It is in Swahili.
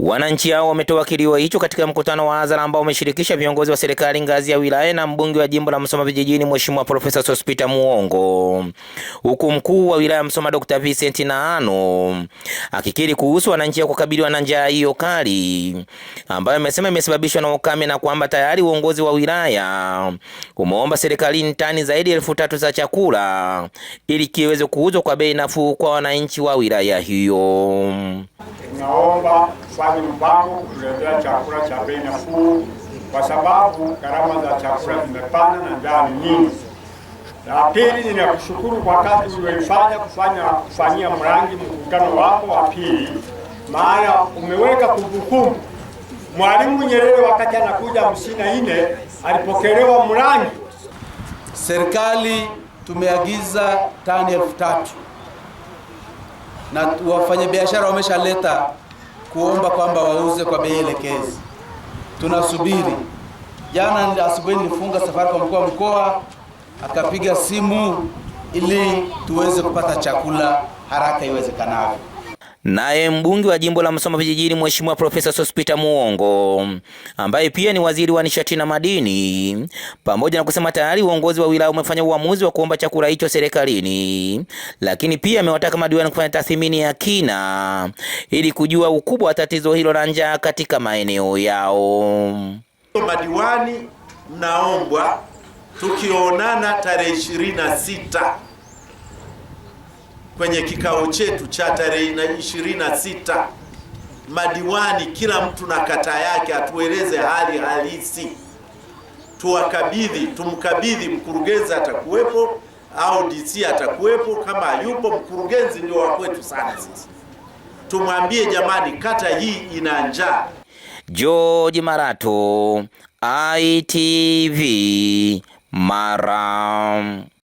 Wananchi hao wametoa kilio hicho katika mkutano wa hadhara ambao umeshirikisha viongozi wa serikali ngazi ya wilaya na mbunge wa jimbo la Msoma vijijini Mheshimiwa Profesa Sospita Muhongo, huku mkuu wa wilaya Msoma Dr. Vincent Naano akikiri kuhusu wananchi kukabiliwa na njaa hiyo kali ambayo amesema imesababishwa na ukame na kwamba tayari uongozi wa wilaya umeomba serikalini tani zaidi elfu tatu za chakula ili kiweze kuuzwa kwa bei nafuu kwa wananchi wa wilaya hiyo tunaomba fanye mpango kutuletea chakula cha bei nafuu, kwa sababu gharama za chakula zimepanda na njaa ni nyingi. La pili, ninakushukuru kwa kazi ulioifanya kufanya kufanyia Mrangi mkutano wako wa pili, maana umeweka kumbukumbu. Mwalimu Nyerere wakati anakuja hamsini na nne alipokelewa Mrangi. Serikali tumeagiza tani elfu tatu na wafanyabiashara wameshaleta kuomba kwamba wauze kwa bei elekezi. Tunasubiri. Jana asubuhi nilifunga safari kwa mkuu wa mkoa, akapiga simu ili tuweze kupata chakula haraka iwezekanavyo. Naye mbunge wa jimbo la Msoma Vijijini, Mheshimiwa Profesa Sospeter Muhongo, ambaye pia ni waziri wa nishati na madini, pamoja na kusema tayari uongozi wa wilaya umefanya uamuzi wa kuomba chakula hicho serikalini, lakini pia amewataka madiwani kufanya tathmini ya kina ili kujua ukubwa wa tatizo hilo la njaa katika maeneo yao. Madiwani mnaombwa tukionana tarehe 26 kwenye kikao chetu cha tarehe 26, madiwani kila mtu na kata yake atueleze hali halisi, tuwakabidhi, tumkabidhi mkurugenzi, atakuwepo au DC atakuwepo. Kama yupo mkurugenzi, ndio wakwetu sana sisi, tumwambie jamani, kata hii ina njaa. George Marato, ITV Mara.